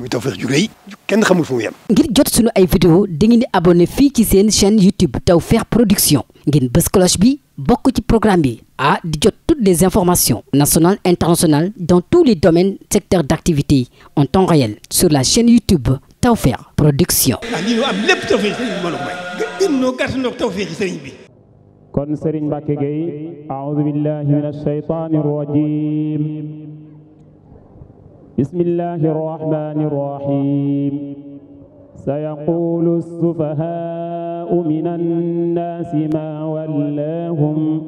muy Tawfekh ju rëy kenn xamul fu mu yem. ngir jot sunu ay vidéo dangeen di abonné fii ci seen chaîne YouTube Tawfekh Production ngeen bës cloche bi bokk ci programme bi ah di jot toutes les informations nationales internationales dans tous les domaines secteurs d'activité en temps réel sur la chaîne YouTube Tawfekh Production. ah lii am lépp Tawfekh sëriñ bi mbooloo mooy. gën ñoo gàtt ñoo Tawfekh sëriñ bi. kon Serigne Mbacke Gueye. a'uuzu billahi minash shaytaanir rajiim. بسم الله الرحمن الرحيم سيقول السفهاء من الناس ما ولاهم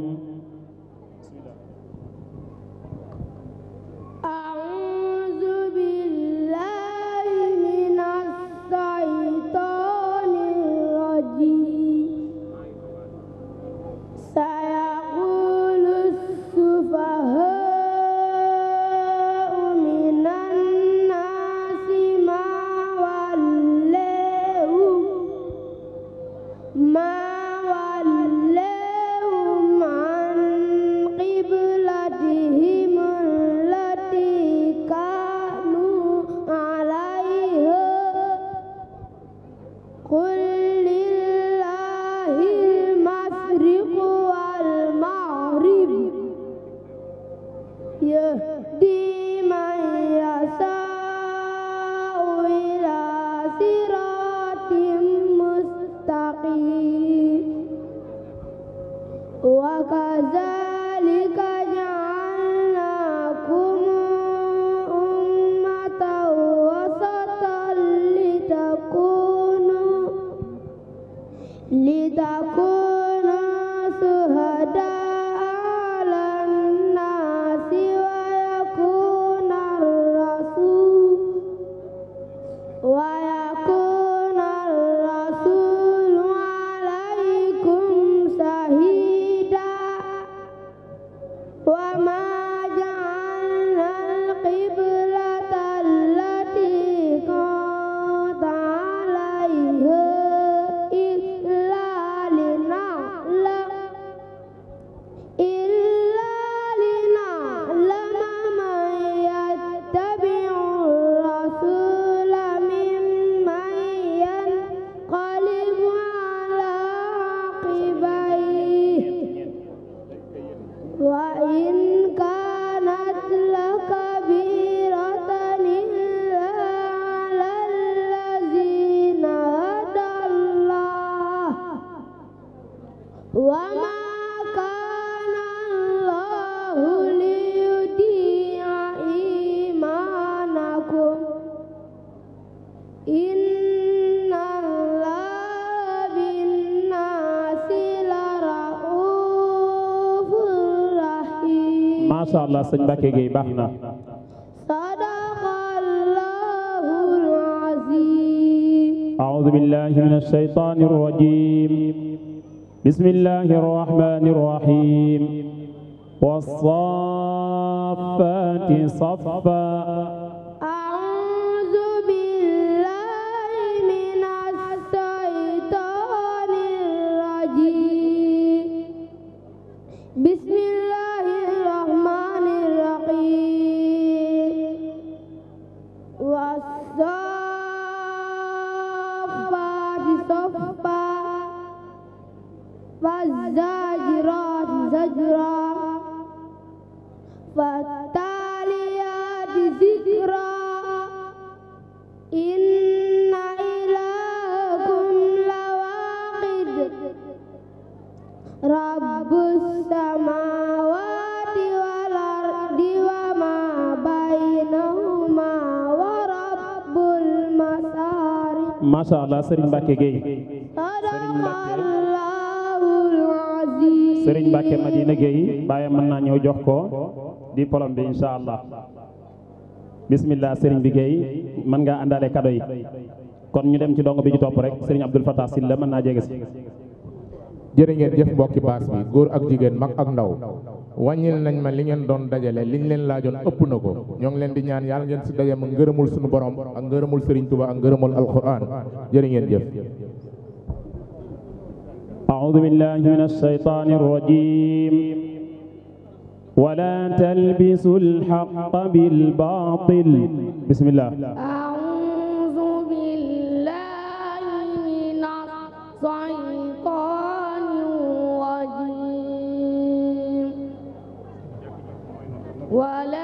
macha allah sëñ Mbacke Gueye baax na. sadaqallahul aziim. a'uuzu billaahi minash shaytaanir rajiim. bismillaahir rahmaanir rahiim. was-saaffaati saffaa incha allah Serigne Mbacke Gueye Serigne Mbacke Serigne Mbacke Madina Gueye bàyyi mën naa ñëw jox ko diplôme bi incha allah bismillah Serigne bi Gueye mën ngaa àndaale kado yi kon ñu dem ci dong bi ñu topp rek Serigne Abdoul Fatah Sylla mën naa jege si. jërë ngeen jëf mbokki baas bi góor ak jigéen mag ak ndaw wàññil nañ ma li ngeen doon dajale liñ leen laajoon ëpp na ko ñoo ngi leen di ñaan yàlla ngeen si daje ma ngërëmul suñu borom ak ngërëmul Serigne Touba ak ngërëmul alquran jërë ngeen jëf أعوذ بالله من الشيطان الرجيم ولا تلبسوا الحق بالباطل بسم wala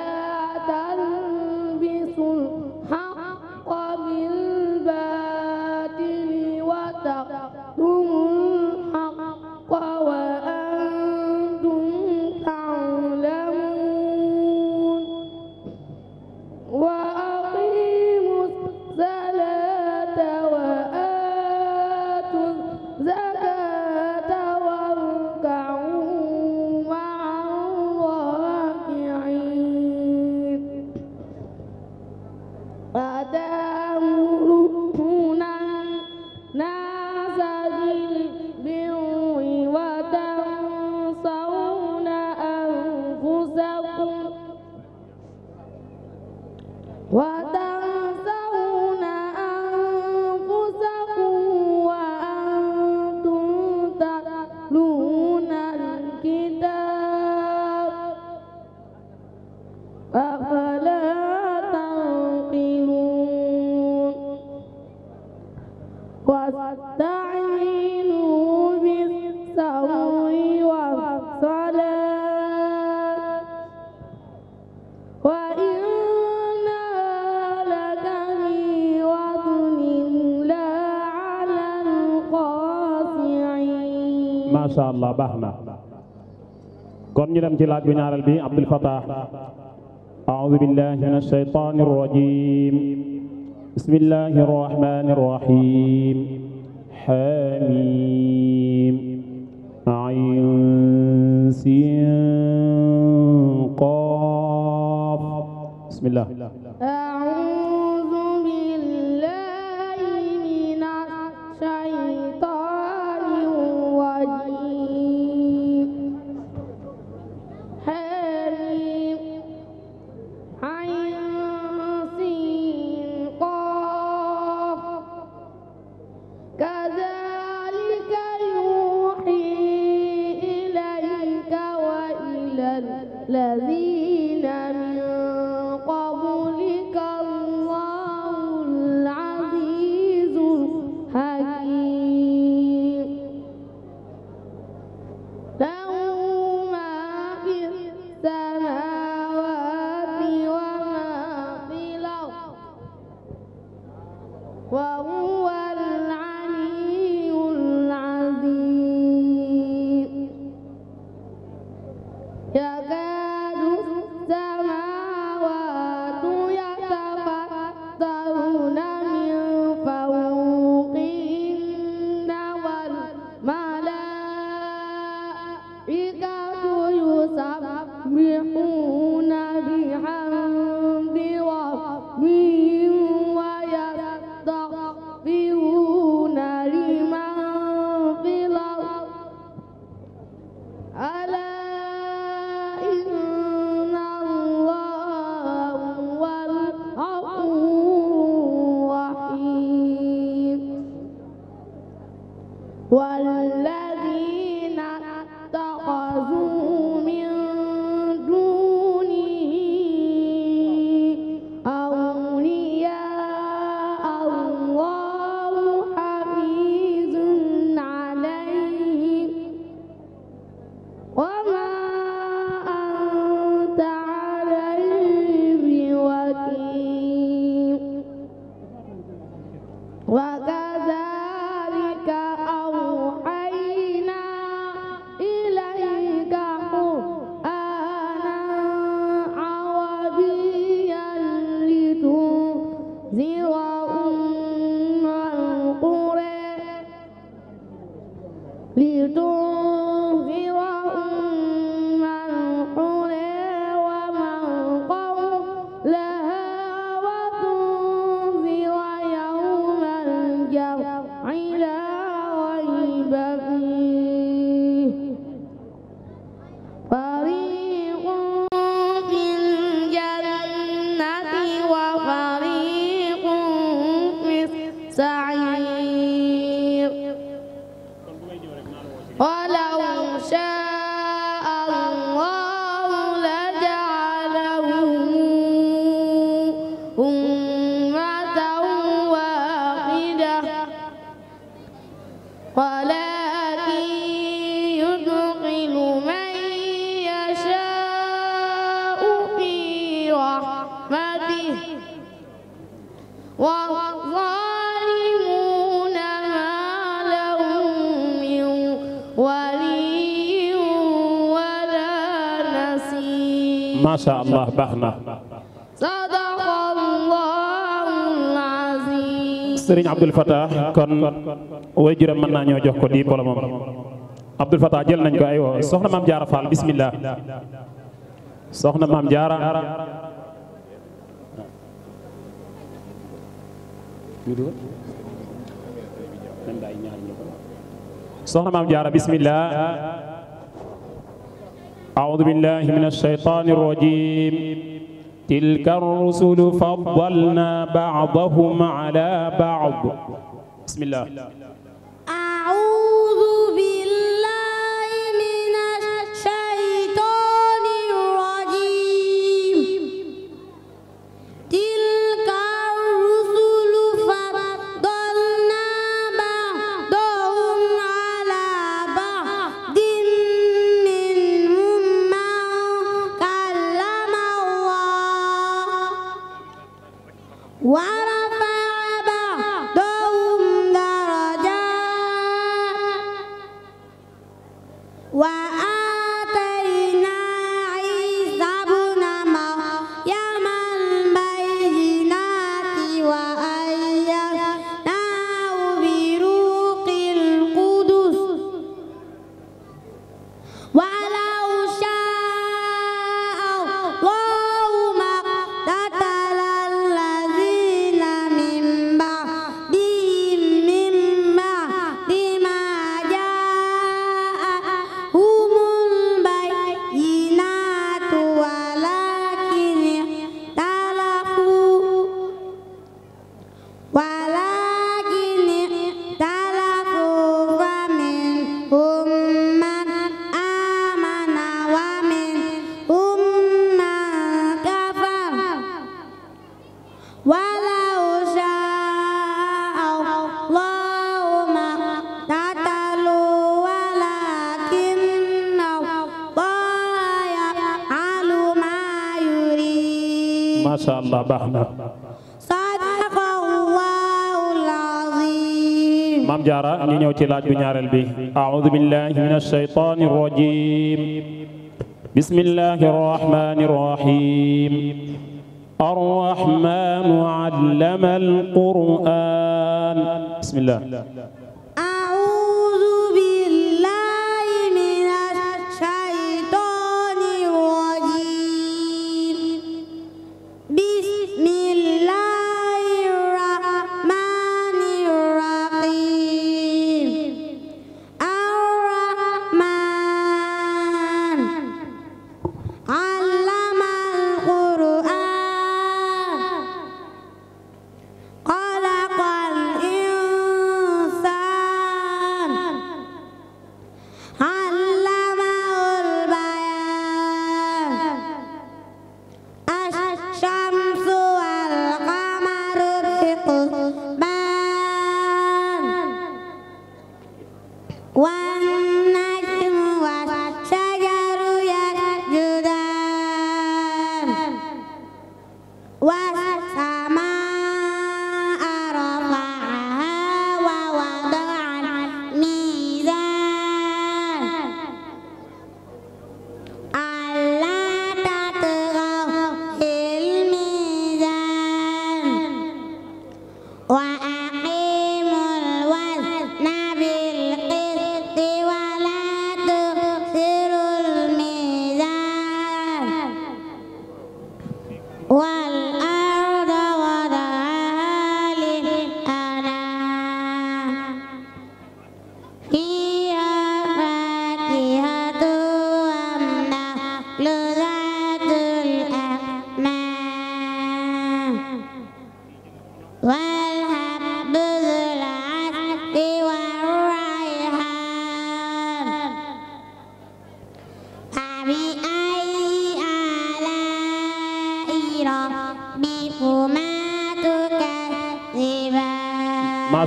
macha allah baax na kon ñu dem ci laaj bu ñaareel bi Abdul Fatah أعوذ بالله من الشيطان الرجيم بسم الله الرحمن الرحيم حميم عين سين waaw macha allah baax na. sëriñ Abdul Fatah kon way naa ñoo jox ko diplôme moom Abdul soxna maam Jaara Fall bismillah soxna maam Jaara bismillah أعوذ بالله من الشيطان الرجيم تلك الرسل فضلنا بعضهم على بعض بسم الله incha allah baax na. maam jaara ñu ñëw ci laaj bu ñaareel bi a'udhu billahi minash shaytanir rajim bismillahir rahmanir rahim ar-rahmanu 'allamal qur'an bismillah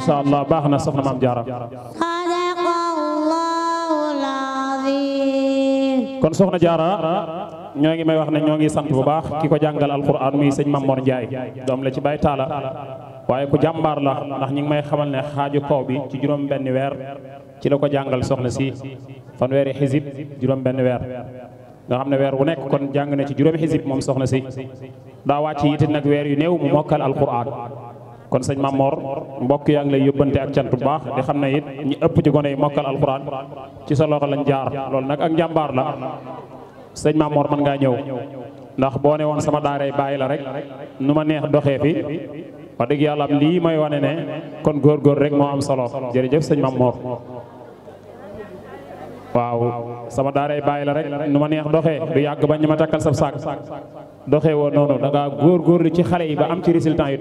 macha allah baax na soxna maam jaaram kon soxna jaara ñoo ngi may wax ne ñoo ngi sant bu baax ki ko jàngal alquran muy sëñ Mamor Ndiaye doom la ci Baye Talla waaye ku jàmbaar la ndax ñi ngi may xamal ne xaaju kaw bi ci juróom benn weer ci la ko jàngal soxna si fanweeri xisib juróom benn weer nga xam ne weer wu nekk kon jàng na ci juróom xisib moom soxna si daa wàcc yitit nag weer yu néew mu mokkal alquran kon sëñ Mamor mbokk yaa ngi lay yóbbante ak cant bu baax di xam ne it ñi ëpp ci gone yi mokkal alxuraan ci sa loxo lañ jaar loolu nag ak njàmbaar la sëñ Mamor mën ngaa ñëw ndax boo ne woon sama daaray bàyyi la rek nu ma neex doxee fi wa dëgg yàlla am lii may wane ne kon góor-góor rek moo am solo jërëjëf sëñ Mamor waaw sama daaray bàyyi la rek nu ma neex doxee du yàgg ba ñu ma takkal sab saak doxee woo noonu da ngaa góor-góorlu ci xale yi ba am ci résultat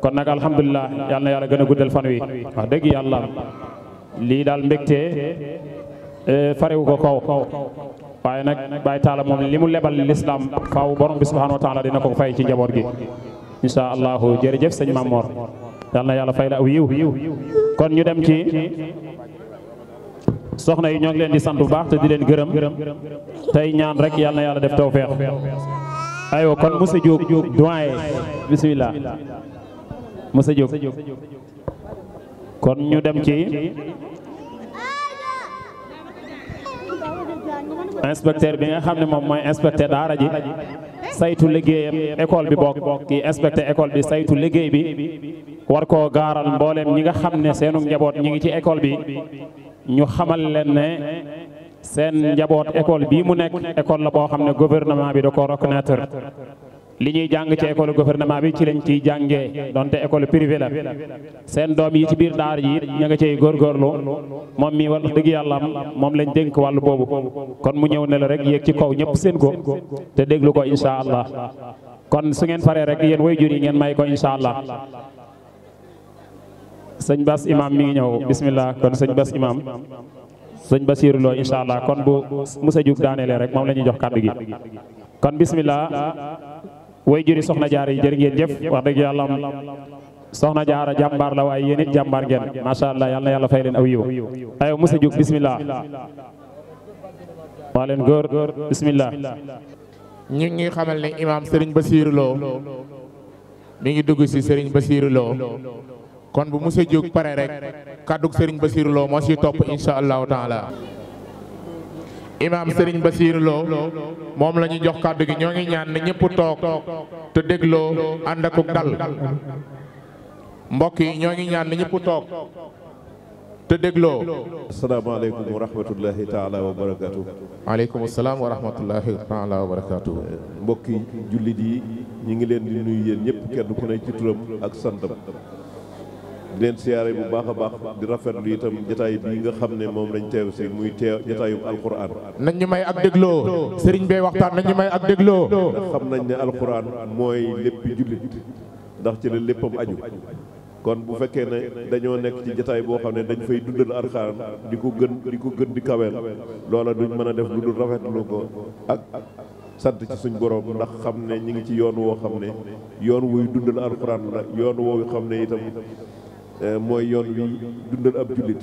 kon nag alhamdulilah yal na yàlla gën a guddal fan wi wax dëgg yàlla lii daal mbégte eh, farewu ko kaw waaye nag Baye Talla moom li mu lebal lislaam faaw borom bi subhaanahu wa dina ko fay ci njaboot gi insha allahu jërëjëf sëñ Mamor yal na yàlla fay la aw yiw kon ñu dem ci soxna yi ñoo ngi leen di sant bu baax te di leen gërëm tey ñaan rek yal na yàlla def tawfeex aywa kon monsieur Diop doyen bismillah mës a jóg kon ñu dem ci inspecteur bi nga xam ne moom mooy inspecteur daara ji saytu liggéeyam école bi bokk kii inspecteur école bi saytu liggéey bi war koo gaaral mbooleem ñi nga xam ne seenu njaboot ñi ngi ci école bi ñu xamal leen ne seen njaboot école bii mu nekk école la boo xam ne gouvernement bi da ko reconnaître li ñuy jàng ci école gouvernement bi ci lañ ciy jàngee donte école privée la seen doom yi ci biir daara yi ña nga cey góorgóorlu moom mi wax dëgg yàlla moom lañ dénk wàllu boobu kon mu ñëw ne la rek yéeg ci kaw ñëpp seen ko te déglu ko incha allah kon su ngeen faree rek yéen way jur ngeen may ko incha allah sëñ Bas imam mi ngi ñëw bismillah kon sëñ Bas imam sëñ Basiru Lo incha allah kon bu Musa Diouf daanelee rek moom la ñuy jox kàddu gi kon bismillah way juri soxna jaar yi jërë ngeen wax dëgg yàlla am soxna jaara jàmbaar la waaye yéen it jàmbaar ngeen macha allah yàlla fay leen aw yiw ayo Moussa Diouf bisimilah waa leen góor bisimilah ñu ngi xamal ne imaam Serigne Bassirou mi ngi dugg si Serigne Bassirou kon bu Moussa Diouf pare rek kàddug Serigne Bassirou Lo moo siy topp incha allahu taala imaam sëriñ Bassirou Lo moom la ñu jox kàddu gi ñoo ngi ñaan ne ñëpp toog te dégloo ànd ak dal yi ñoo ngi ñaan ne ñëpp toog te dégloo. asalaamaaleykum wa rahmatullahi taala wa barakaatu. waaleykum salaam wa rahmatullahi taala wa barakaatu. mbokki jullit yi ñu ngi leen di nuyu yéen ñëpp kenn ku ne ci turam ak santam. di leen siyaare bu baax a baax di rafetlu itam jataay bii nga xam ne moom lañ teew si muy teew jataayum alquran. nañ ñu may ak dégloo sëriñ bee waxtaan nañ ñu may ak dégloo. xam nañ ne alquran mooy lépp jullit ndax ci la léppam aju. kon bu fekkee ne dañoo nekk ci jataay boo xam ne dañ fay dundal arxaan di ko gën di ko gën di kaweel loola duñ mën a def lu dul rafetlu ko ak sant ci suñ borom ndax xam ne ñi ngi ci yoon woo xam ne yoon wuy dundal arxaan la yoon woo xam ne itam Euh, mooy yoon wi dundal ab jullit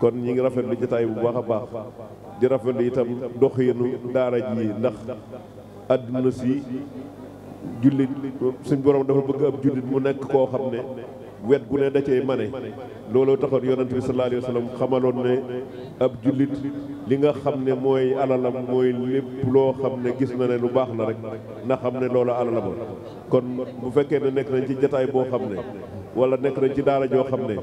kon ñi ngi rafet lu jataay bu baax a baax di rafetlu itam doxinu daara ji ndax na si jullit suñ borom dafa bëgg ab jullit mu nekk koo xam ne wet gu ne da cee mane looloo taxoon yonent bi sallallahu alayhi wa sallam xamaloon ne ab jullit li nga xam ne mooy alalam mooy lépp loo xam ne gis na ne lu baax la rek na xam ne loola alalam kon bu fekkee ne nekk nañ ci jataay boo xam ne wala nekk nañ ci daara joo xam ne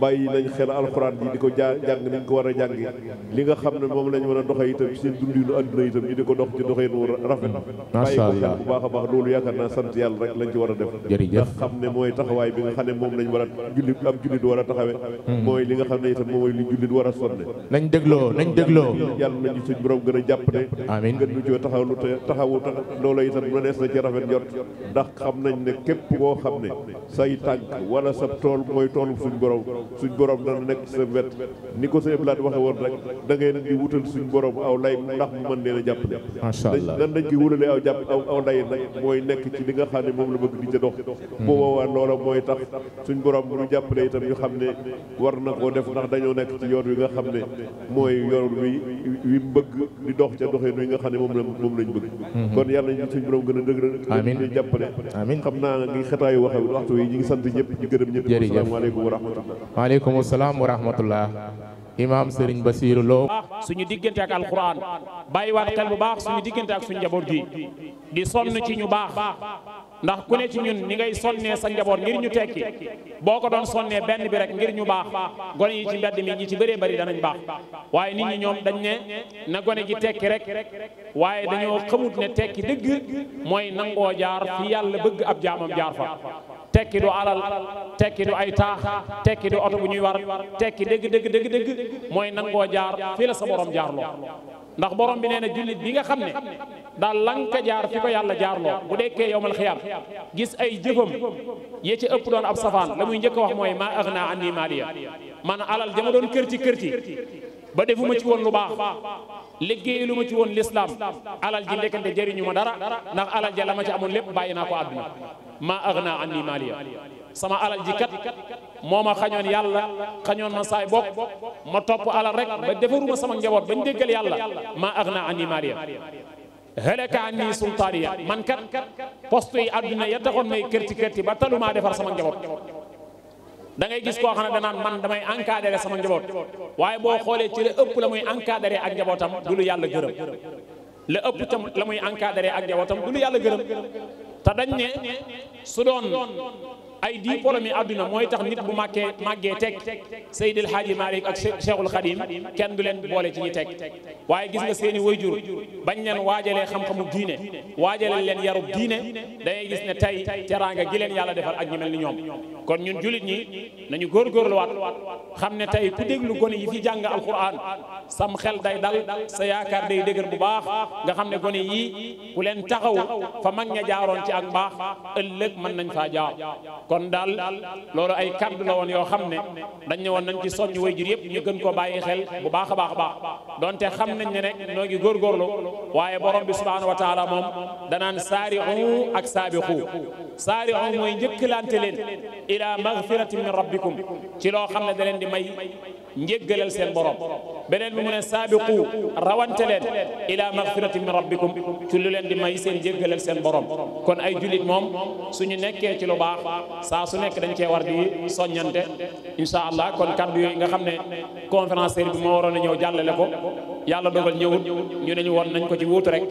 bàyyi nañ xel alxuraan bi di ko jaa jàng ni ñu war a jàngi li nga xam ne moom lañ war a doxee itam seen dundinu àdduna itam ñu di ko dox ci doxin wu rafet bàyyi ko xel bu baax a baax loolu yaakaar naa sant rek lañ ci war a def ndax xam ne mooy taxawaay bi nga xam ne moom lañ war a jullit am jullit war a taxawee hmm. mooy li nga xam ne itam moom mooy li jullit war a sonne nañ dégloo nañ dégloo ndax xam nañ ne képp koo xam ne say sa tool mooy toolu suñ borom suñ borom dana nekk sa wet ni ko sëñ Abdoulaye waxe woon rek da ngay nag di wutal suñ borom aw lay ndax mu mën leen a jàppale nan dañ ci wutalee aw jàpp aw lay mooy nekk ci li nga moom la bëgg di ca dox hmm. bu boobaa loola mooy tax suñ borom bu ñu jàppale itam ñu xam ne war na koo def ndax dañoo nekk ci yoon wi nga xam ne mooy yoon wi wi di dox ca doxin wi nga xam ne moom la moom hmm. kon yàlla nañ suñ borom gën a dëgëral amiin ñu jàppale amiin xam naa ngi xetaayu maaleykum salaam wa rahmatullah imaam ba Bassirou Lo. suñu diggante ak alquran bàyyiwaat xel bu baax suñu diggante ak suñu njaboot gi di sonn ci ñu baax ndax ku ne ci ñun ni ngay sonnee sa njaboot ngir ñu tekki boo ko doon sonnee benn bi rek ngir ñu baax gone yi ci mbedd mi ñi ci bëree bëri danañ baax waaye nit ñi ñoom dañ ne na gone gi tekki rek waaye dañoo xamut ne tekki dëgg mooy nangoo jaar fi yàlla bëgg ab jaamam jaar fa. tekki du alal tekki du ay taax tekki du oto bu ñuy war tekki dëgg dëgg dëgg dëgg mooy nangoo jaar fii la sa borom jaarloo ndax borom bi nee na jullit bi nga xam ne daal lanka jaar fi ko yàlla jaarloo bu dekkee yowmal xiyaam gis ay jëfam ye ci ëpp doon ab safaan la muy njëkk a wax mooy maa agna anni maaliya man alal jama doon kërti kërti ba defuma ci woon lu baax liggéey lu ma ci woon lislaam alal ji ndekkante jëriñu ma dara ndax alal ja la ma ci amoon lépp bàyyi naa ko àdduna maa agna anni maaliya sama alal ji kat moo ma xañoon yàlla xañoon ma saay bokk ma topp alal rek ba defaruma sama njaboot bañ déggal yàlla maa agna anni maaliya halaka anni sultaaniya man kat poste yi àdduna ya taxoon may kërti kërti ba maa defar sama njaboot da gis koo xam ne naan man damay encadré sama njaboot waaye boo xoolee ci la ëpp la muy encadré ak njabootam du lu yàlla gërëm la ëpp tam la muy encadré ak njabootam du lu yàlla gërëm te dañ ne su doon ay di problème yi àdduna mooy tax nit bu màggee màggee teg Seydil Hadji Malick ak Cheikhul Khadim kenn du leen boole ci ñi teg waaye gis nga seeni wayjur bañ leen waajalee xam-xamu diine waajalee leen yarub diine dangay gis ne tey teraanga gi leen yàlla defal ak ñi mel ni ñoom kon ñun julit ñi nañu góorgóorluwaat xam ne tey ku déglu gone yi fi jàng alquran sam xel day dal sa yaakaar day dëgër bu baax nga xam ne gone yii ku leen taxaw fa mag ña jaaroon ci ak mbaax ëllëg mën nañ faa jaar kon daal loolu ay kàddu la woon yoo xam ne dañ ne woon nañ ci soññ waajur yëpp ñu gën ko bàyyi xel bu baax a baax a baax donte xam nañ ne rek noo ngi góorgóorlu waaye borom bi subhaanahu wa taala moom danaan saari'u ak saabiqu saari'u mooy njëkkalante leen ila magfiratin min rabbikum ci loo xam ne da leen di may njéggalal seen borom beneen bi mu ne saabiqu rawante leen ila magfirati min rabbikum ci leen di may seen njéggalal seen borom kon ay julit moom suñu nekkee ci lu baax saa su nekkee dañ cee war di soññante incha allah kon kaddu yi nga xam ne conférencier bi moo waroon a ñëw jàllale ko yàlla dogal ñëwut ñu ne ñu woon nañ ko ci wut rek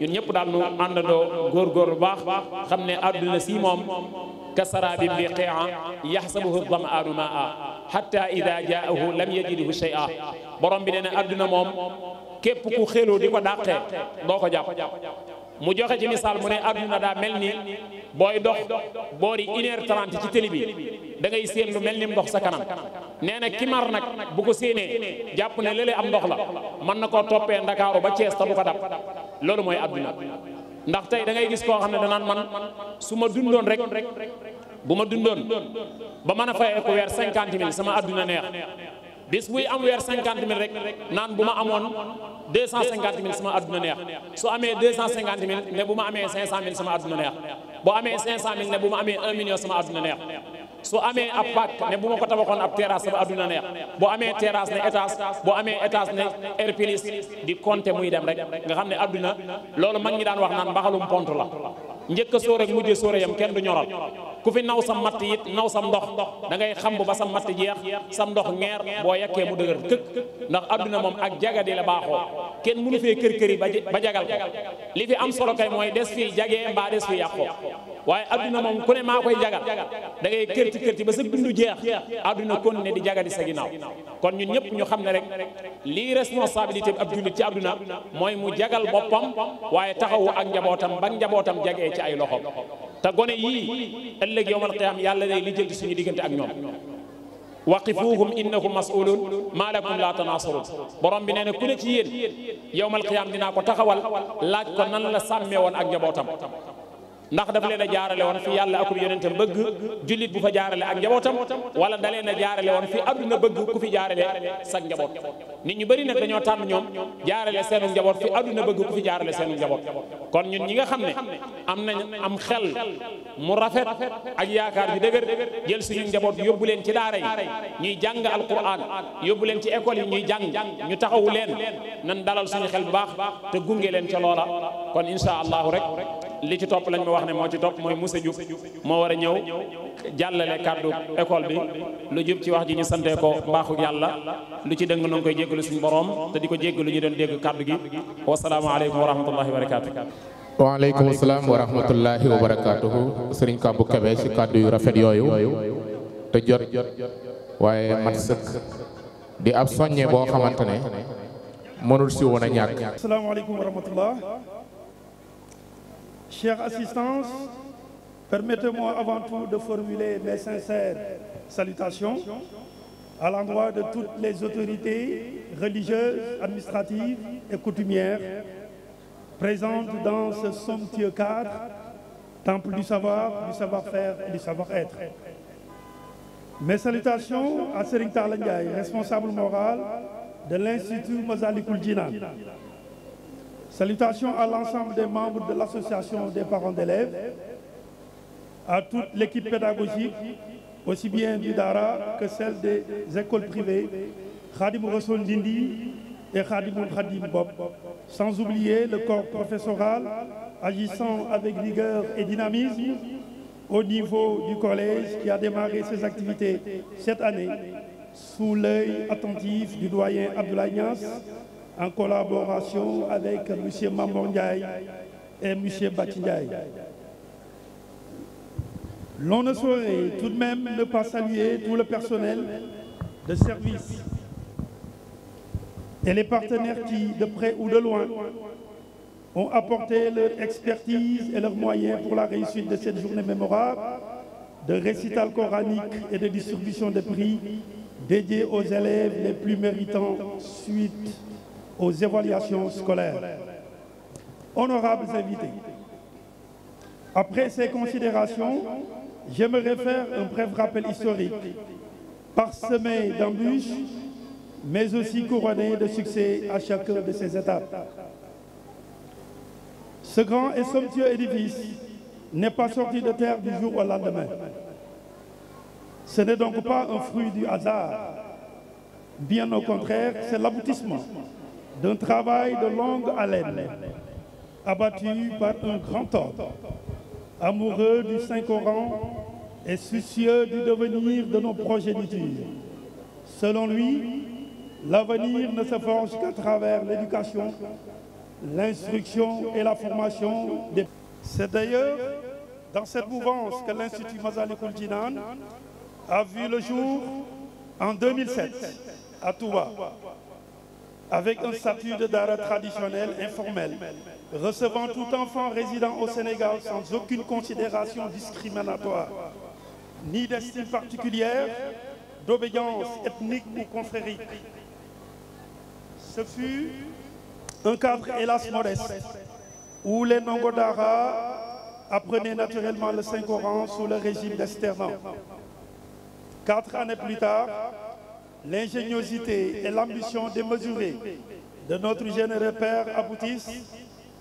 ñun ñëpp daal nu àndandoo góorgóorlu baax xam ne àdduna si moom كسراب بقيع يحسبه الظمآن ماء حتى إذا جاءه لم يجده شيئا borom bi nee na àdduna moom képp ku xéeloo di ko dàqee doo ko jàpp mu joxe ci misaal mu ne àdduna daa mel ni booy dox boori une heure trente ci télé bi da ngay séen lu mel ni ndox sa kanam nee na ki mar nag bu ko séenee jàpp ne lële am ndox la mën na koo toppee ndakaaru ba Cees te du ko dab loolu mooy àdduna ndax tey da ngay gis koo xam ne danaan man su ma dundoon rek bu ma dundoon ba mën a fayee ko weer cinquante mille sama adduna neex bis buy am weer cinquante mille rek naan bu ma amoon deux cent cinquante mille sama adduna neex su amee deux cent cinquante mille ne bu ma amee cinq cent mille sama adduna neex boo amee ne bu ma amee un million sama adduna neex su amee ab pàkk ne bu ma ko tabaxoon ab terrasse ba adduna neex boo amee terrasse ne étage boo amee étage ne air plus di compter muy dem rek nga xam ne adduna loolu mag ñi daan wax naan mbaxalum pont la njëkk a sóor ak mujj sóor yam kenn du ñoral ku fi naw sa matt it naw sa ndox da ngay xam bu ba sa matt jeex sa ndox ngeer boo yakkee mu dëgër këkk ndax adduna moom ak jagadi la baaxoo kenn mënu fee kër kër yi ba jagal ko li fi am solo kay mooy des fii jagee mbaa des fii waaye adduna moom ku ne maa koy jagal da ngay kërti kërti ba sa dund jeex adduna kon ne di jagali sa ginnaaw kon ñun ñëpp ñu xam ne rek lii responsabilité bi ab jullit ci adduna mooy mu jagal boppam waaye taxawu ak njabootam ba njabootam jagee ci ay loxom te gone yii ëllëg yowmal qiyaam yàlla li lijjanti suñu diggante ak ñoom waqifuuhum innahum mas'uluun maa lakum laa tanaasuruun borom bi nee na ku ne ci yéen yowmal qiyaam dinaa ko taxawal laaj ko nan la sàmmee woon ak njabootam ndax daf leen a jaarale woon fi yàlla akub yonentam bëgg jullit bu fa jaarale ak njabootam wala da leen a jaarale woon fi adduna bëgg ku fi jaarale sag njaboot nit ñu bëri nag dañoo tànn ñoom jaarale seenu njaboot fi adduna bëgg ku fi jaarale seenu njaboot kon ñun ñi nga xam ne am nañ am xel mu rafet ak yaakaar ju dëgër jël suñu njaboot yóbbu leen ci daara yi ñuy jàng alquran yóbbu leen ci école yi ñuy jàng ñu taxawu leen nan dalal suñu xel bu baax te gunge leen ca loola kon incha allahu rek li ci topp lañ ma wax ne moo ci topp mooy Moussa Diouf moo war a ñëw jàllale kàddu école bi lu jub ci wax ji ñu santee ko mbaaxu yàlla lu ci dëng noo ngi koy jéggalu suñu borom te di ko lu ñu doon dégg kàddu gi wasalaamaaleykum wa rahmatullahi wa barakaatu. waaleykum salaam wa rahmatullahi wa barakaatu Serigne Kabou Kébé si kàddu yu rafet yooyu te jot waaye mat sëkk di ab soññe boo xamante ne mënul si woon a ñàkk. Chère Assistance, permettez-moi avant tout de formuler mes sincères salutations à l'endroit de toutes les autorités religieuses, administratives et coutumières présentes dans ce somptueux cadre, temple du savoir, du savoir-faire et du savoir-être. Mes salutations à Serigne Talla Ndiaye, responsable moral de l'Institut Massalikul Jinaan Salutations à l'ensemble des membres de l'association des parents d'élèves, à toute l'équipe pédagogique, aussi bien du Dara que celle des écoles privées, Khadim Rassoul Ndindi et Khadimoul Khadim Bob, sans oublier le corps professoral agissant avec rigueur et dynamisme au niveau du collège qui a démarré ses activités cette année sous l'œil attentif du doyen Abdoulaye Niass en collaboration avec monsieur Mamor Ndiaye et monsieur Bati L'on ne saurait tout de même ne pas saluer tout le personnel de service et les partenaires qui, de près ou de loin, ont apporté leur expertise et leurs moyens pour la réussite de cette journée mémorable de récital coranique et de distribution de prix dédiés aux élèves les plus méritants suite aux évaluations scolaires. Honorables invités, après ces considérations, j'aimerais faire un bref rappel historique, parsemé d'embûches, mais aussi couronné de succès à chacune de ces étapes. Ce grand et somptueux édifice n'est pas sorti de terre du jour au lendemain. Ce n'est donc pas un fruit du hasard. Bien au contraire, c'est l'aboutissement d'un travail de longue haleine, abattu par un grand ordre, amoureux du Saint-Coran et soucieux du devenir de nos progénitures. Selon lui, l'avenir ne se forge qu'à travers l'éducation, l'instruction et la formation des... C'est d'ailleurs dans cette mouvance que l'Institut Massalikul Jinaan a vu le jour en 2007 à Touba. avec un statut de dara traditionnel informel, recevant tout enfant résidant au Sénégal sans aucune considération discriminatoire, ni d'estime particulière, d'obédience ethnique ou confrérique. Ce fut un cadre hélas modeste, où les nongo apprenaient naturellement le Saint-Coran sous le régime d'externat. Quatre années plus tard, l'ingéniosité et l'ambition démesurée de notre généreux père aboutissent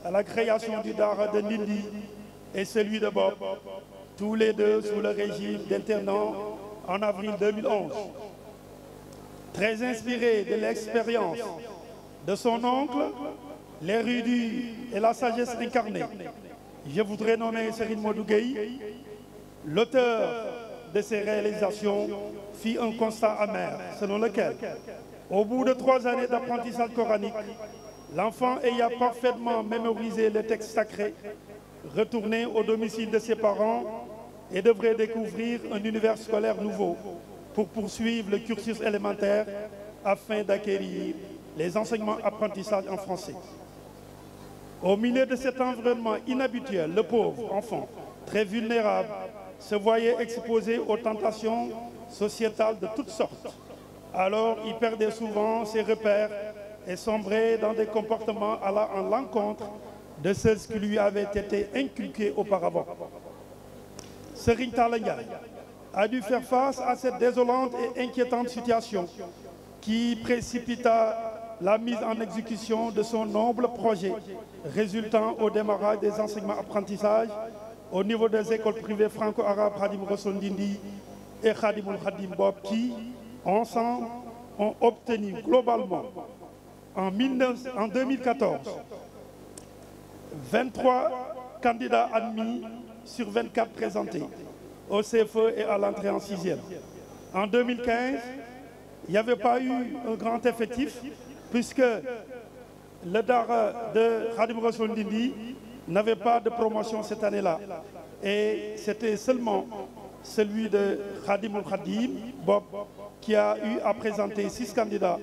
à la création du Dara de Ndindi et celui de Bob, tous les deux sous le régime d'internat en avril Très inspiré de l'expérience de son oncle, l'érudit et la sagesse incarnée, je voudrais nommer Serine Modougueï, l'auteur de ces réalisations fit un constat amer selon lequel, au bout de trois années d'apprentissage coranique, l'enfant ayant parfaitement mémorisé les textes sacrés, retournait au domicile de ses parents et devrait découvrir un univers scolaire nouveau pour poursuivre le cursus élémentaire afin d'acquérir les enseignements apprentissages en français. Au milieu de cet environnement inhabituel, le pauvre enfant, très vulnérable, se voyait exposé aux tentations sociétale de toutes sortes. Alors, il perdait souvent ses repères et sombrait dans des comportements allant en l'encontre de ceux qui lui avaient été inculqués auparavant. Serigne Talla Ndiaye a dû faire face à cette désolante et inquiétante situation qui précipita la mise en exécution de son noble projet résultant au démarrage des enseignements apprentissages au niveau des écoles privées franco-arabes Khadim Rassoul et Khadimoul Khadim Bob qui, ensemble, ont obtenu globalement en, 19, en e et à l'entrée en sixième. En 2015, il n'y avait pas eu un grand effectif puisque Et c'était seulement celui de Khadim Khadim, Bob, qui a présenter six candidats,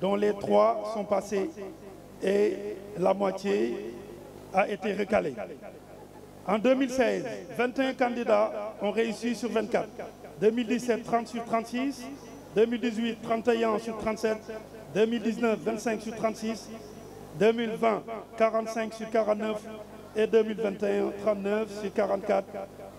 dont les trois sont passés et la moitié a été recalée. En 2016, 21 candidats ont réussi sur 24. 2017, 30 sur 36. 2018, 31 sur 37. 2019, 25 sur 36. 2020, 45 sur 49. Et 2021, 39 sur 44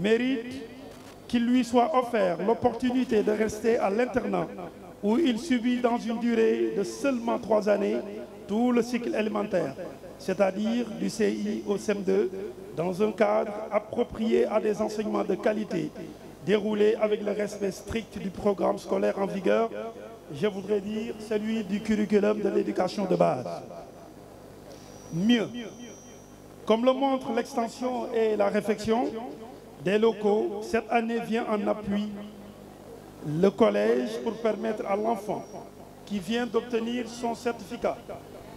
mérite qu'il lui soit offert l'opportunité de rester à l'internat où il subit dans une durée de seulement trois années tout le cycle élémentaire, c'est-à-dire du CI au CM2, dans un cadre approprié à des enseignements de qualité, déroulés avec le respect strict du programme scolaire en vigueur, je voudrais dire celui du curriculum de l'éducation de base. Mieux, comme le montre l'extension et la réflexion, des locaux, cette année vient en appui le collège pour permettre à l'enfant qui vient d'obtenir son certificat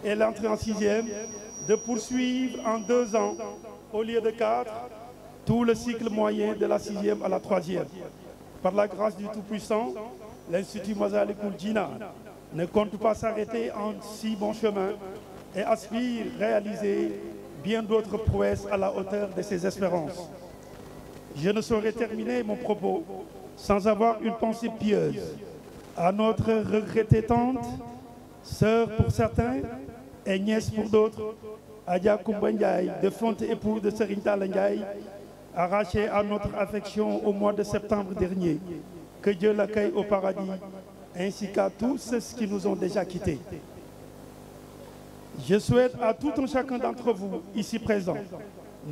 et l'entrée en sixième de poursuivre en deux ans, au lieu de quatre, tout le cycle moyen de la sixième à la troisième. Par la grâce du Tout-Puissant, l'Institut Mazalikoul Djinan ne compte pas s'arrêter en si bon chemin et aspire réaliser bien d'autres prouesses à la hauteur de ses espérances. Je ne saurais terminer mon propos sans avoir une pensée pieuse à notre regrettée tante, sœur pour certains et nièce pour d'autres, Adja Koumba Ndiaye, défunte épouse de Serigne Talla Ndiaye, à notre affection au mois de septembre dernier. Que Dieu l'accueille au paradis, ainsi qu'à tous ceux qui nous ont déjà quittés. Je souhaite à tout un chacun d'entre vous ici présents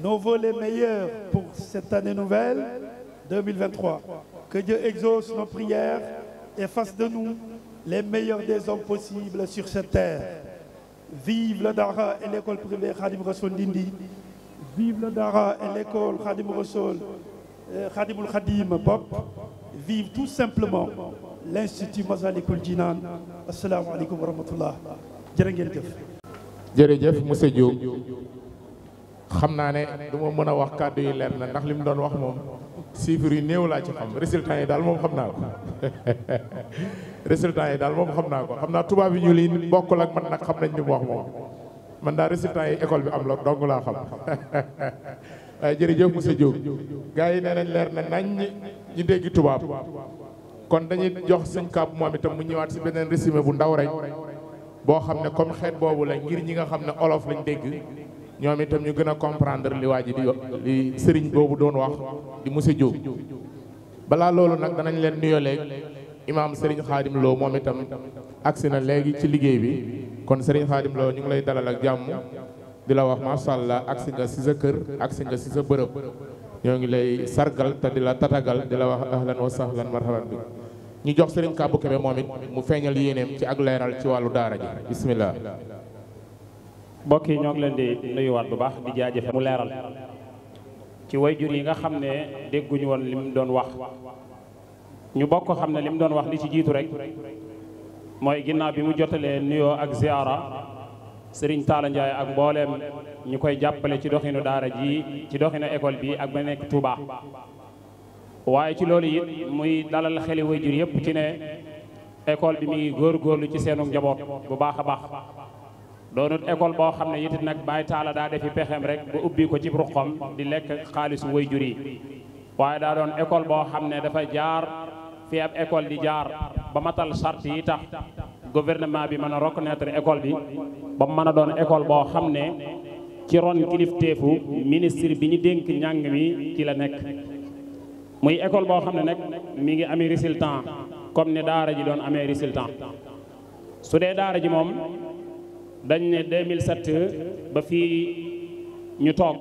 nos voeux les meilleurs pour cette année nouvelle 2023. Que Dieu exauce nos prières et fasse de nous les meilleurs des hommes possibles sur cette terre. Vive le Dara et l'école privée Khadim Rassoul Ndindi. Vive le Dara et l'école Khadim Rassoul, euh, Khadimoul Khadim Pop. Vive tout simplement l'institut Massalikul Jinan. Assalamu alaykum wa rahmatullah. jërë xam naa ne du ma mën a wax kàddu yi leer na ndax li mu doon wax moom chiffres yi néew laa ci xam résultats yi daal moom xam naa ko résultats yi daal moom xam naa ko xam naa tubaab yi ñu li bokkul ak man nag xam nañ li mu wax moom man daal résultats yi école bi am la dong laa xam waaye jërëjëf monsieur Diop gars yi nee leer na nañ ñi dégg tubaab kon dañuy jox suñ kàbb moom tam mu ñëwaat si beneen résumé bu ndaw rek boo xam ne comme xeet boobu la ngir ñi nga xam ne olof lañ dégg ñoom itam ñu gën a comprendre li waa ji di li sëriñ boobu doon wax di monsieur Diop balaa loolu nag danañ leen nuyoo léegi imaam sëriñ Xaadim Lo moom itam agsi na léegi ci liggéey bi kon sëriñ Xaadim Lo ñu ngi lay dalal ak jàmm di la wax macha allah agsi nga si sa kër agsi nga si sa bërëb ñoo ngi lay sargal te di la tatagal di la wax ahlan wa sahlan marhaban bi ñu jox sëriñ Kàbbu Kebe moom it mu feeñal yéeneem ci ak leeral ci wàllu daara ji bismillah mbokk yi ñoo leen di nuyuwaat bu baax bi jaajëf mu leeral ci jur yi nga xam ne dégguñu woon lim doon wax ñu bokk xam ne li doon wax li ci jiitu rek mooy ginnaaw bi mu jotalee nuyoo ak ziara sëriñ Talla Ndiaye ak mbooleem ñu koy jàppale ci doxinu daara ji ci doxinu école bi ak ba nekk Touba. waaye ci loolu it muy dalal xeli jur yëpp ci ne école bi mi ngi góorgóorlu ci seenu njaboot bu baax a baax doonut école boo xam ne yitit nag bàyyi taala daa defi pexeem rek ba ubbi ko ci ruqam di lekk xaalisu way jur yi waaye daa doon école boo xam ne dafa jaar fi ab école di jaar ba matal sart yi tax gouvernement bi mën na reconnaître école bi ba mën a doon école boo xam ne ci ron kilifteefu ministre bi ñu dénk njàng mi ci la nekk muy école boo xam ne nag mi ngi amee résultat comme ne daara ji doon amee résultat su dee daara ji moom dañ ne 2007 ba fii ñu toog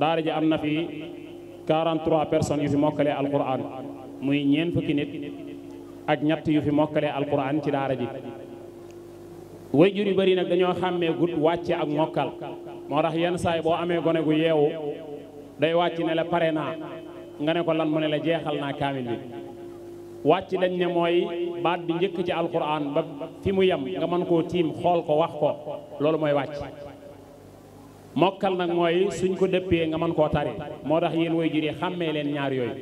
daara ji am na fi 43 personnes yu fi mokkalee alquran muy ñeent fukki nit ak ñett yu fi mokkalee alquran ci daara ji way jur yu bëri nag dañoo xàmmee gut wàcce ak mokkal moo tax yenn saay boo amee gone gu yeewu day wàcc ne la pare naa nga ne ko lan mu ne la jeexal naa kaamil bi wàcc lañ ne mooy baat bi njëkk ci alquran ba fi mu yem nga mën koo tiim xool ko wax ko loolu mooy wàcc mokkal nag mooy suñ ko dëppee nga mën koo tari moo tax yéen woy juree xàmmee leen ñaar yooyu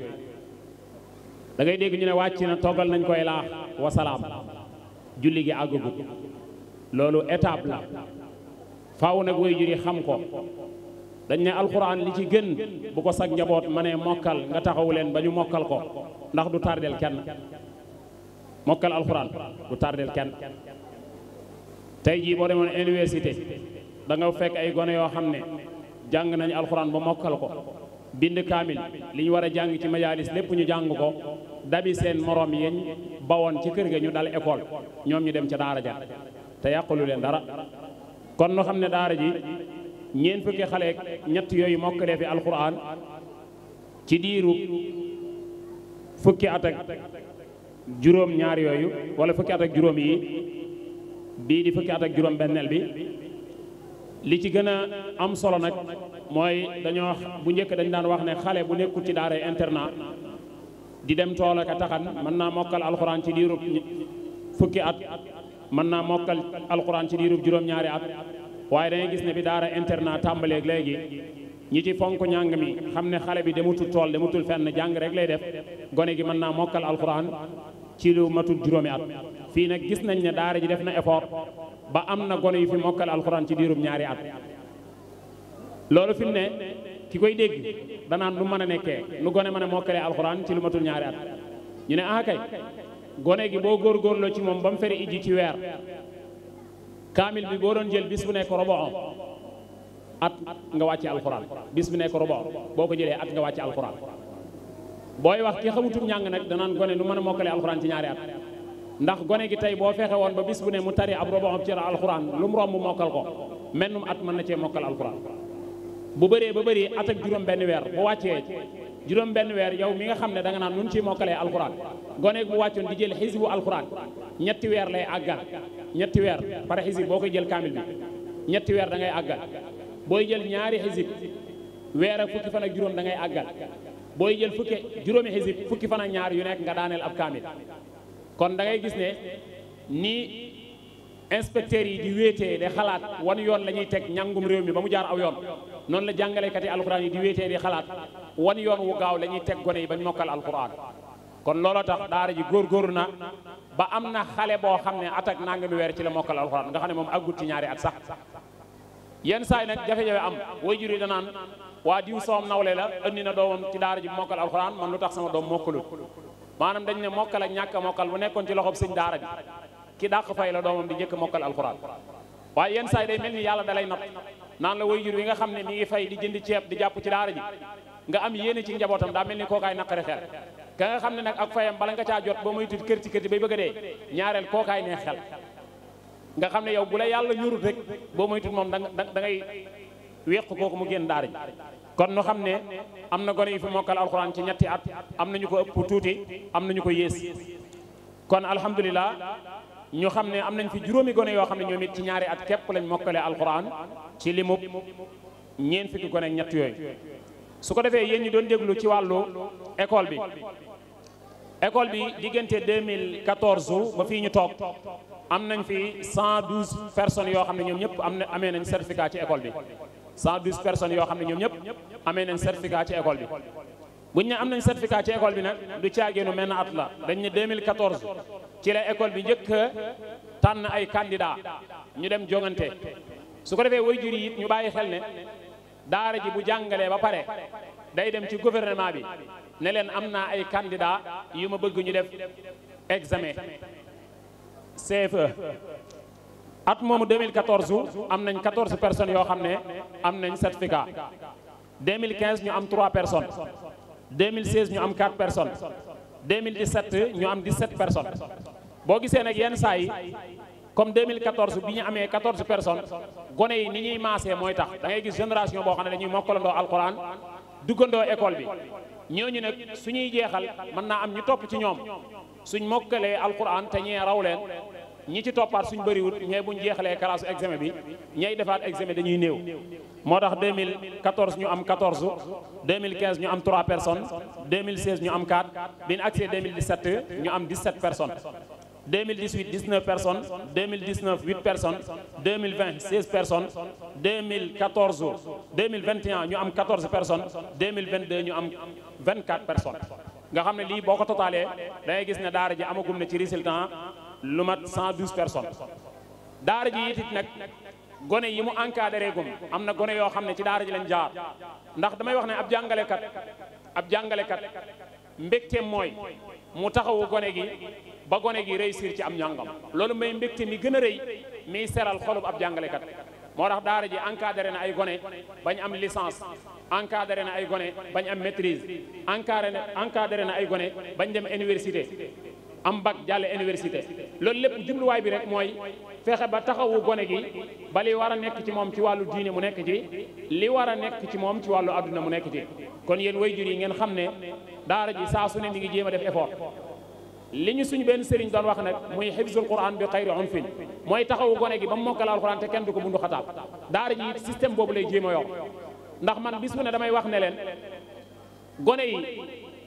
da ngay ñu ne wàcc na toggal nañ koy laax wasalaam julli gi àggagut loolu étape la faaw nag woy juri xam ko dañ ne alquran li ci gën bu ko sag njaboot ma ne mokkal nga taxawu leen ba ñu mokkal ko ndax du tardeel kenn mokkal alxuraan du tardeel kenn tey jii boo demoon université da fekk ay gone yoo xam ne jàng nañu alxuraan ba mokkal ko bind kaamil li ñu war a jàng ci majaalis lépp ñu jàng ko dabi seen moroom yeñ bawoon ci kër ga ñu dal école ñoom ñu dem ca daara ja te yàqulu leen dara kon nu xam ne daara ji ñeent fukki xale ñett yooyu mokkalee fi alxuraan ci diiru fukki at ak juróom ñaar yooyu wala fukki at ak juróom yi bii di fukki at ak juróom benneel bi li ci gën a am solo nag mooy dañoo bu njëkk dañ daan wax ne xale bu nekkul ci daara internat di dem tool ak a taxan mën naa mokkal alxuraan ci diirub fukki at mën naa mokkal alxuraan ci juróom-ñaari at waaye da gis ne bi daara internat tàmbaleeg léegi ñi ci fonk njàng mi xam ne xale bi demutul tool demutul fenn jàng rek lay def gone gi mën naa mokkal alxuraan ci lu matul juróomi at fii nag gis nañ ne daara ji def na effort ba am na gone yu fi mokkal alxuraan ci diirum ñaari at loolu fi mu ne ki koy dégg danaan lu mën a nekke nu gone mën a mokkalee alxuraan ci lu matul ñaari at ñu ne ah kay gone gi boo góorgóorloo ci moom ba mu fere ijji ci weer kaamil bi boo doon jël bis bu nekk robo on at nga wàcce alxuraan bis bi nekk rubo boo ko jëlee at nga wàcce alxuraan booy wax ki xamutum ñàng nag danaan gone nu mën a mokkale alxuraan ci ñaari at ndax gone gi tey boo fexe woon ba bis bu ne mu tari ab rubo am ci alxuraan lu mu romb mokkal ko mennum at mën na cee mokkal alxuraan bu bëree ba bëri at ak juróom benn weer bu wàccee juróom benn weer yow mi nga xam ne da nga naan nun ciy mokkalee alxuraan gone bu wàccoon di jël xisbu alxuraan ñetti weer lay àggal ñetti weer pare xisib boo koy jël kaamil ñetti weer da ngay àggal boo jël ñaari xisib weer fukki fan juróom da ngay àggal booy jël fukki juróomi xisib fukki fan ñaar yu nekk nga daaneel ab kaamil kon da gis ne ni inspecteurs yi di wéetee di xalaat wan yoon la ñuy teg ñàngum réew mi ba mu jaar aw yoon noonu la jàngalekat yi alxuraan yi di wéetee di xalaat wan yoon wu gaaw la ñuy teg gone yi bañ mokkal alxuraan kon looloo tax daara ji góor na ba am na xale boo xam ne at ak nangami weer ci la mokkal alxuraan nga xam ne moom àggut ci ñaari at sax yenn saay yi nag jafe-jafe am waajur yi danaan waa diw soom nawle la andi na doomam ci daara ji mokkal alxuraan man lu tax sama doom mokkalul maanaam dañ ne mokkal ak ñàkk a mokkal bu nekkoon ci loxob sëñ daara bi ki dàq fay la doomam di njëkk mokkal alxuraan waaye yenn saa yi day mel ni yàlla dalay natt naan la waajur wi nga xam ne mi ngi fay di jënd ceeb di jàpp ci daara ji nga am yéene ci njabootam daa mel ni kookaay naqari xel ka nga xam ne nag ak fayam bala nga caa jot ba muy kër ci kër ci bay bëgg a dee ñaareel xel nga xam ne yow bu la yàlla ñurut rek boo moytut moom da ngay weq kooku mu génn daara ji kon nu xam ne am na gone yu fi mokkal alxuraan ci ñetti at am na ñu ko ëpp tuuti am na ñu ko yées kon alhamdulilah ñu xam ne am nañ fi juróomi gone yoo xam ne ñoom it ci ñaari at képp lañ mokkale alxuraan ci limub ñeent fukki gone ak ñett yooyu su ko defee yéen ñi doon déglu ci wàllu école bi école bi diggante 2014 ba fii ñu toog am nañ fi 112 personnes yoo xam ne ñoom ñëpp am na amee nañ certificat ci école bi 112 personnes yoo xam ne ñoom ñëpp amee nañ certificat ci école bi bu ñu ne am nañ certificat ci école bi nag du caageenu menn at la dañ ne 2014 ci la école bi njëkk a tànn ay candidat ñu dem jongante su ko defee waajur yi ñu bàyyi xel ne daara ji bu jàngalee ba pare day dem ci gouvernement bi ne leen am naa ay candidat yu ma bëgg ñu def examen CFE at moomu 2014 am nañ 14 personnes yoo xam ne am nañ certificat 2015 ñu am 3 personnes 2016 ñu am 4 personnes ñu am 17 personnes boo gisee nag yenn saa yi comme 2014 bi ñu amee 14 personnes gone yi ni ñuy maasee mooy tax da gis génération boo xam ne dañuy mokkalandoo alxuraan duggandoo école bi ñooñu nag suñuy jeexal mën naa am ñu topp ci ñoom suñ mokkalee alquran te ñee raw leen ñi ci toppaat suñ bëriwut ñee buñ jeexalee classe examen bi ñay defaat examen dañuy néew moo tax 2014 ñu am 14 ñu am 3 personnes ñu am 4 bi agsee ñu am 17 personnes 2018 19 personnes 2019 8 personnes 2020 16 personnes 2014 ñu am 14 personnes 2022 ñu am 24 nga xam ne lii boo ko totaalee da gis ne daara ji amagum ne ci résultat lu mat 112 personnes daara ji it nag gone yi mu encadré gum am na gone yoo xam ne ci daara ji lañ jaar ndax damay wax ne ab jàngalekat ab jàngalekat mbégteem mooy mu taxawu gone gi ba gone gi réussir ci am njàngam loolu may mbégte mi gën a rëy miy seral xolub ab jàngalekat moo tax daara ji encadré na ay gone bañ am licence encadré na ay gone bañ am maîtrise encadré na encadré na ay gone bañ dem université am bac jàll université loolu lépp jubluwaay bi rek mooy fexe ba taxawu gone gi ba li war a nekk ci moom ci wàllu diine mu nekk ci li war a nekk ci moom ci wàllu adduna mu nekk ci kon yéen wayjur yi ngeen xam ne daara ji saa su ne mi ngi jéem a def effort li ñu suñu benn sëriñ doon wax nag muy xifzul quran bi xayri unfin mooy taxawu gone gi ba mu mokkal alquran te kenn du ko bundu xataab daara ji système boobu lay jéem a yor ndax man bis bu ne damay wax ne leen gone yi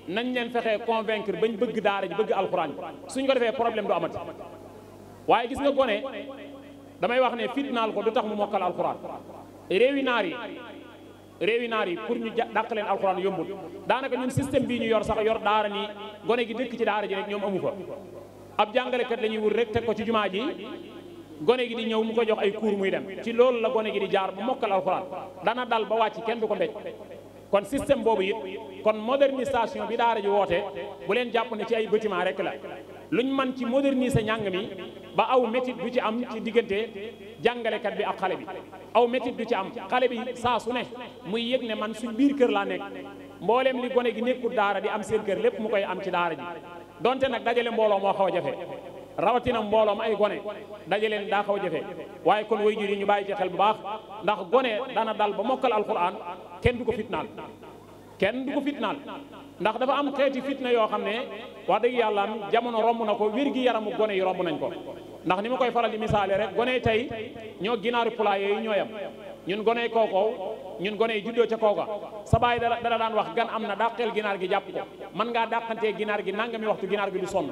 nañ leen fexe convaincre bañ bëgg daara ji bëgg alquran suñ ko defee problème du amati waaye gis nga gone damay wax ne fitnaal ko du tax mu mokkal alquran réewi naar réewi naar yi pour ñu dàq leen alxuraan yombul daanaka ñun système bii ñu yor sax yor daara nii gone gi dëkk ci daara ji rek ñoom amu fa jàngale jàngalekat la ñuy wut rek teg ko ci jumaa ji gone gi di ñëw mu ko jox ay cours muy dem ci loolu la gone gi di jaar bu mokkal alxuraan dana dal ba wàcc kenn du ko mbéj kon système boobu it kon modernisation bi daara ji woote bu leen jàpp ne ci ay bâtiment rek la luñ man ci moderniser njàng mi ba aw métit bu ci am ci diggante jàngalekat bi ak xale bi aw métit bu ci am xale bi saa su ne muy yëg ne man suñ biir kër laa nekk mbooleem li gone gi nekkul daara di am seen kër lépp mu koy am ci daara ji donte nag dajale mbooloo moo xaw a jafe rawatina mbooloom ay gone dajaleen daa xaw a jafe waaye kon way jur yi ñu bàyyi ci bu baax ndax gone dana dal ba mokkal alquran kenn du ko fitnaal kenn du ko fitnaal ndax dafa am xeeti na yoo xam ne wax dëgg yàlla jamono romb na ko wér gi yaramu gone yi romb nañ ko ndax ni ma koy faral di misaale rek gone yi tey ñoo ginaaru poulailler yi ñoo yam ñun gone yi kookoow ñun gone yi juddoo ca kooka sabaay baay da daan wax gan am na dàqeel ginaar gi jàpp ko mën ngaa dàqantee ginaar gi nangami waxtu ginaar gi du sonn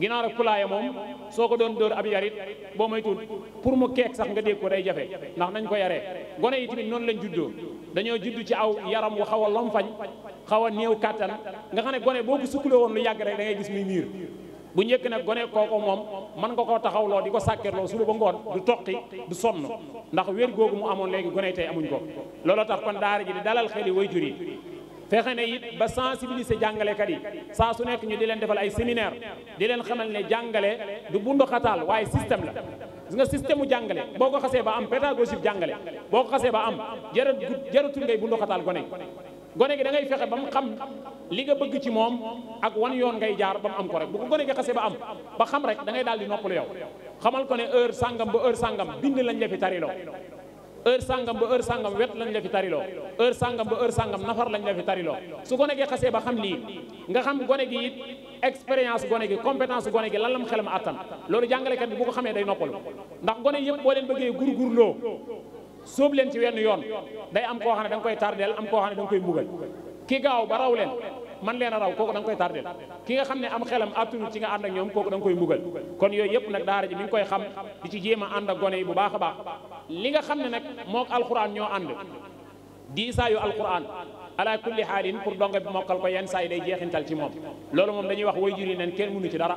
ginaar ak poulailler moom soo ko doon dóor ab yarit boo moytuwul pour mu keek sax nga dégg ko day jafe ndax nañ ko yaree gone yi tamit noonu lañ juddoo dañoo juddu ci aw yaram wu xaw a lomfañ xaw a néew kàttan nga xam ne gone boo ko sukkule woon lu yàgg rek da ngay gis muy miir bu njëkk nag gone kooku moom mën nga koo taxaw taxawloo di ko sàkkerloo suba ba ngoon du toqi du sonn ndax wér googu mu amoon léegi gone tey amuñ ko looloo tax kon daara ji di dalal xeli waajur yi fexe ne it ba sensibiliser jàngalekat yi saa su nekk ñu di leen defal ay séminaire di leen xamal ne jàngale du bundu xataal waaye système la gis nga système mu jàngale boo ko xasee ba am pédagogie jàngale boo xasee ba am jarut jarut ngay bundu xataal gone gone gi da ngay fexe ba mu xam li nga bëgg ci moom ak wan yoon ngay jaar ba mu am ko rek bu ko gone gi xasee ba am ba xam rek da ngay daal di noppalu yow xamal ko ne heure sangam ba heure sangam bind lañ la fi tariloo heure sangam ba heure sangam wet lañ la fi tariloo heure sangam ba heure sangam nafar lañ la fi tariloo su gone gi xasee ba xam lii nga xam gone gi it expérience gone gi compétence gone gi lan la mu xelam attan loolu jàngalekat bi bu ko xamee day noppalu ndax gone yëpp boo leen bëggee gurgurloo sóob leen ci wenn yoon day am koo xam ne da koy tardeel am koo xam ne da nga koy mbugal ki gaaw ba raw leen man leen a raw kooku da nga koy tardeel ki nga xam ne am xelam attunu ci nga ànd ak ñoom kooku da koy mbugal kon yooyu yëpp nag daara ji mi koy xam di ci jéem a ànd ak gone yi bu baax a baax li nga xam ne nag mook alxuraan ñoo ànd diisaayu alxuraan ala kulli xaalin pour donga bi mokkal ko yenn saa yi day jeexintal ci moom loolu moom dañuy wax way yi neen kenn mënu ci dara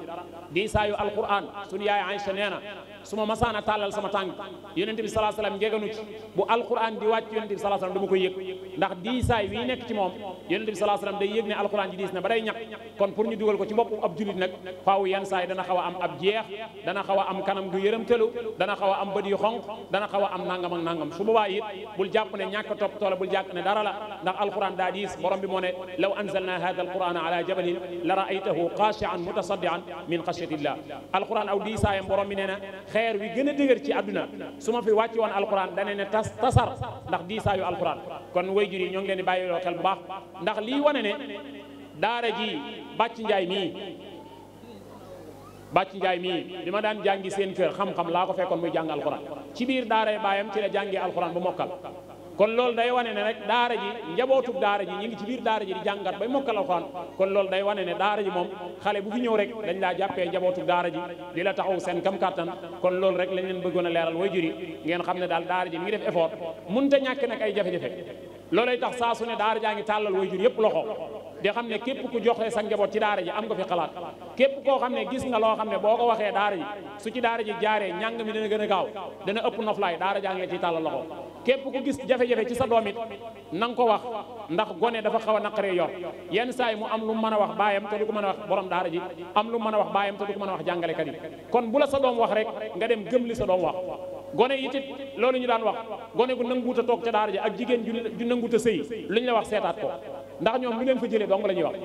diisaayu alxuraan suñu yaay Aïcha nee na su ma masaan a tàllal sama tànk yonente bi salaa salaam njeganu ci bu alquran di wàcc yonente bi salaa salaam dama koy yëg ndax diisaay wii nekk ci moom yonente bi salaa salaam day yëg ne alquran ji diis na ba day kon pour ñu dugal ko ci bopp ab julit nag faaw yenn dana xaw am ab jeex dana xaw a am kanam gu yërëmtalu dana xaw a am bët yu xonq dana xaw a am nangam ak nangam su boobaa bul jàpp ne ñàkk topp toola bul jàpp ne dara xeer wi gën a dëgër ci àdduna su ma fi wàcc woon alxuraan dane ne tas tasar ndax diisaayu alxuraan kon wayjur yi ñoo ngi leen di bàyyiloo xel bu baax ndax lii wane ne daara ji bàcc njaay mii bàcc njaay mii bi ma daan jàngi seen kër xam-xam laa ko fekkoon muy jàng alxuraan ci biir daaray baayam ci la jàngi alxuraan bu mokkal kon loolu day wane ne rek daara ji njabootub daara ji ñi ngi ci biir daara ji di jàngat bay mokkal alxuraan kon loolu day wane ne daara ji moom xale bu fi ñëw rek dañ laa jàppee njabootub daara ji di la taxaw seen kam kàttan kon loolu rek lañ leen bëggoon leeral way juri ngeen xam ne daal daara ji mi ngi def effort mënta ñàkk nag ay jafe-jafe loolay tax saa su ne daara jaangi ngi tàllal way jur yëpp loxo di xam ne képp ku joxe sa njaboot ci daara ji am nga fi xalaat képp koo xam ne gis nga loo xam ne boo ko waxee daara ji su ci daara ji jaaree ñàng mi dana gën a gaaw dana ëpp noflaay daara jaa ngi la ciy tàllal loxo képp ku gis jafe-jafe ci sa doom it na nga ko wax ndax gone dafa xaw a naqaree yor yenn saa yi mu am lu mën a wax baayam te ko mën a wax borom daara ji am lu mën a wax baayam te du ko mën a wax jàngalekat yi kon bu la sa doom wax rek nga dem gëm li sa doom wax gone yi it loolu ñu daan wax gone gu nanguut a toog ca daara ji ak jigéen ju nanguut a sëy lu ñu la wax seetaat ko ndax ñoom lu leen fa jëlee dong la ñuy wax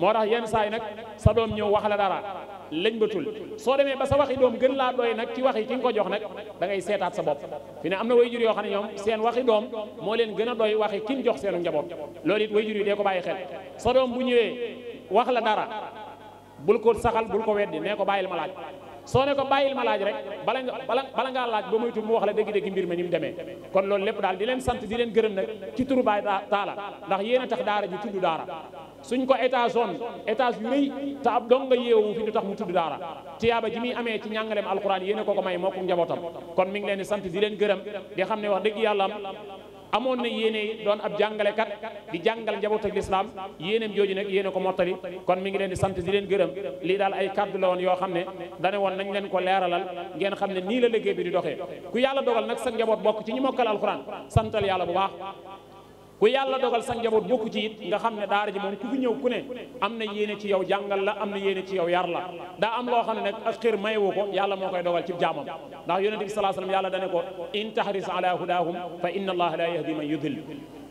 moo tax yenn saa yi nag sa doom ñëw wax la dara lañ batul soo demee ba sa waxi doom gën laa doy nag ci wax yi ki nga ko jox nag da ngay seetaat sa bopp fi ne am na wayjur yoo xam ne ñoom seen waxi doom moo leen gën a doy waxi ki jox seenu njaboot loolu it wayjur yi dee ko bàyyi xel sa doom bu ñëwee wax la dara bul ko saxal bul ko weddi nee ko bàyyil ma laaj soo ne ko bàyyil ma laaj rek bala nga bala ngaa laaj ba moytu mu wax la dëgg-dëgg mbir ma ni demee kon loolu lépp daal di leen sant di leen gërëm nag ci turu Taala ndax yéen a tax daara ji tudd daara suñ ko état zone état yu rëy te ab dong nga yeewu fi du tax mu tudd daara tiyaaba ji muy amee ci ñàngaleem alxuraan yéen a ko ko may moo ko njabootam kon mi leen di sant di leen gërëm di xam ne wax dëgg yàlla amoon na yéene doon ab kat di jàngal njaboot ak lislaam yéeneem jooju nag yéene ko mottali kon mi ngi leen di sant di leen gërëm lii daal ay kàddu la woon yoo xam ne dane woon nañ leen ko leeralal ngeen xam ne nii la liggéey bi di doxee ku yàlla dogal nag sa njaboot bokk ci ñu mokkal alxuraan santal yàlla bu baax ku yàlla dogal sa njaboot bokku ci it nga xam ne daara ji moom ku fi ñëw ku ne am na yéene ci yow jàngal la am na yéene ci yow yar la daa am loo xam ne nag ak xër mayewu ko yàlla moo koy dogal ci jaamam ndax yonente bi salaa sallam yàlla dane ko in tahris ala fa inna allaha la yahdi man yudil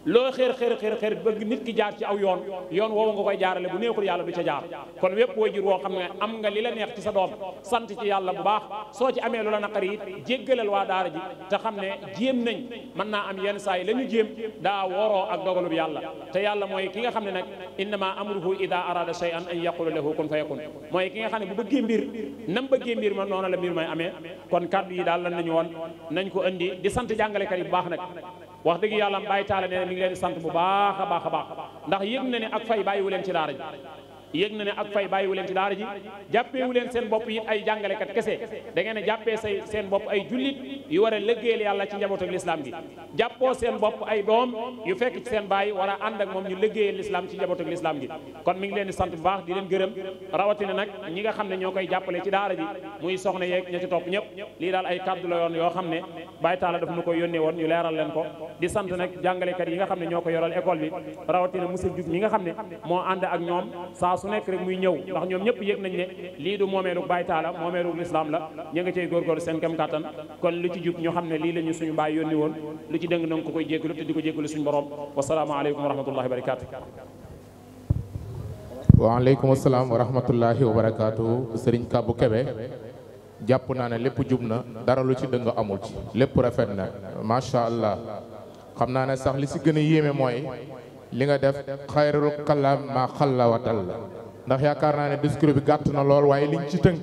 loo xër xër xër xër bëgg nit ki jaar ci aw yoon yoon woowu nga koy jaarale bu neexul yàlla du ca jaar kon wépp wajur woo xam ne am nga li la neex ci sa doom sant ci yàlla bu baax soo ci amee lu la naqari it jéggalal waa daara ji te xam ne jéem nañ mën naa am yenn saa yi la ñu jéem daa woroo ak dogalub yàlla te yàlla mooy ki nga xam ne nag innama amruhu ida arada shay'an an yaqulu lahu kun fayakun mooy ki nga xam ne bu bëggee mbir nam bëggee mbir la mbir may amee kon kàddu yi daal lan nañu woon nañ ko indi di sant jàngalekat yi bu baax nag wax dëgg yàlla Baye Talla nee na mi ngi leen sant bu baax a baax a baax ndax yëg na ne ak fay bàyyiwu leen ci daara ji yëg na ne ak fay bàyyiwu leen ci daara ji jàppeewu leen seen bopp it ay jàngalekat kese da ngeen a seen bopp ay jullit yu war a lëggéeyal yàlla ci njaboot lislaam gi jàppoo seen bopp ay doom yu fekk seen bàyyi war a ànd ak moom ñu lëggéeyal lislaam ci njaboot ak lislaam gi kon mi ngi leen di sant bu baax di leen gërëm rawatina nag ñi nga xam ne ñoo koy jàppale ci daara ji muy soxna yeeg ña topp ñëpp lii daal ay kàddu la yoon yoo xam ne bàyyi ne ñoo ko yoral école bi rawatina monsieur Diouf ñi nga xam ne moo ànd ak su nekk rek muy ñëw ndax ñoom ñëpp yëg nañ ne lii du moomeelu baay taala moomeelu lislaam la ñu nga cey góorgóorlu seen kem kàttan kon lu ci jub ñu xam ne lii la suñu baay yónni woon lu ci dëng nanga ko koy jéggalu te di ko jéggalu suñu borom wasalaamu aleykum wa rahmatullahi wa barakaatu waaleykum asalaam sëriñ Kabou Kébé jàpp naa ne lépp jub na dara lu ci dëng amul ci lépp rafet na macha allah xam naa ne sax li si gën a yéeme mooy li nga def xayrul kalaam ma xalla wa dalla ndax yaakaar naa ne discours bi gàtt na lool waaye liñ ci tënk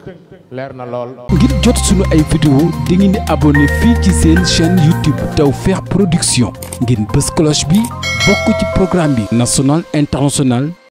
leer na lool. ngir jot sunu ay vidéo di ngeen di abonné fii ci seen chaîne YouTube Tawfekh Production ngeen bës cloche bi bokk ci programme bi national international.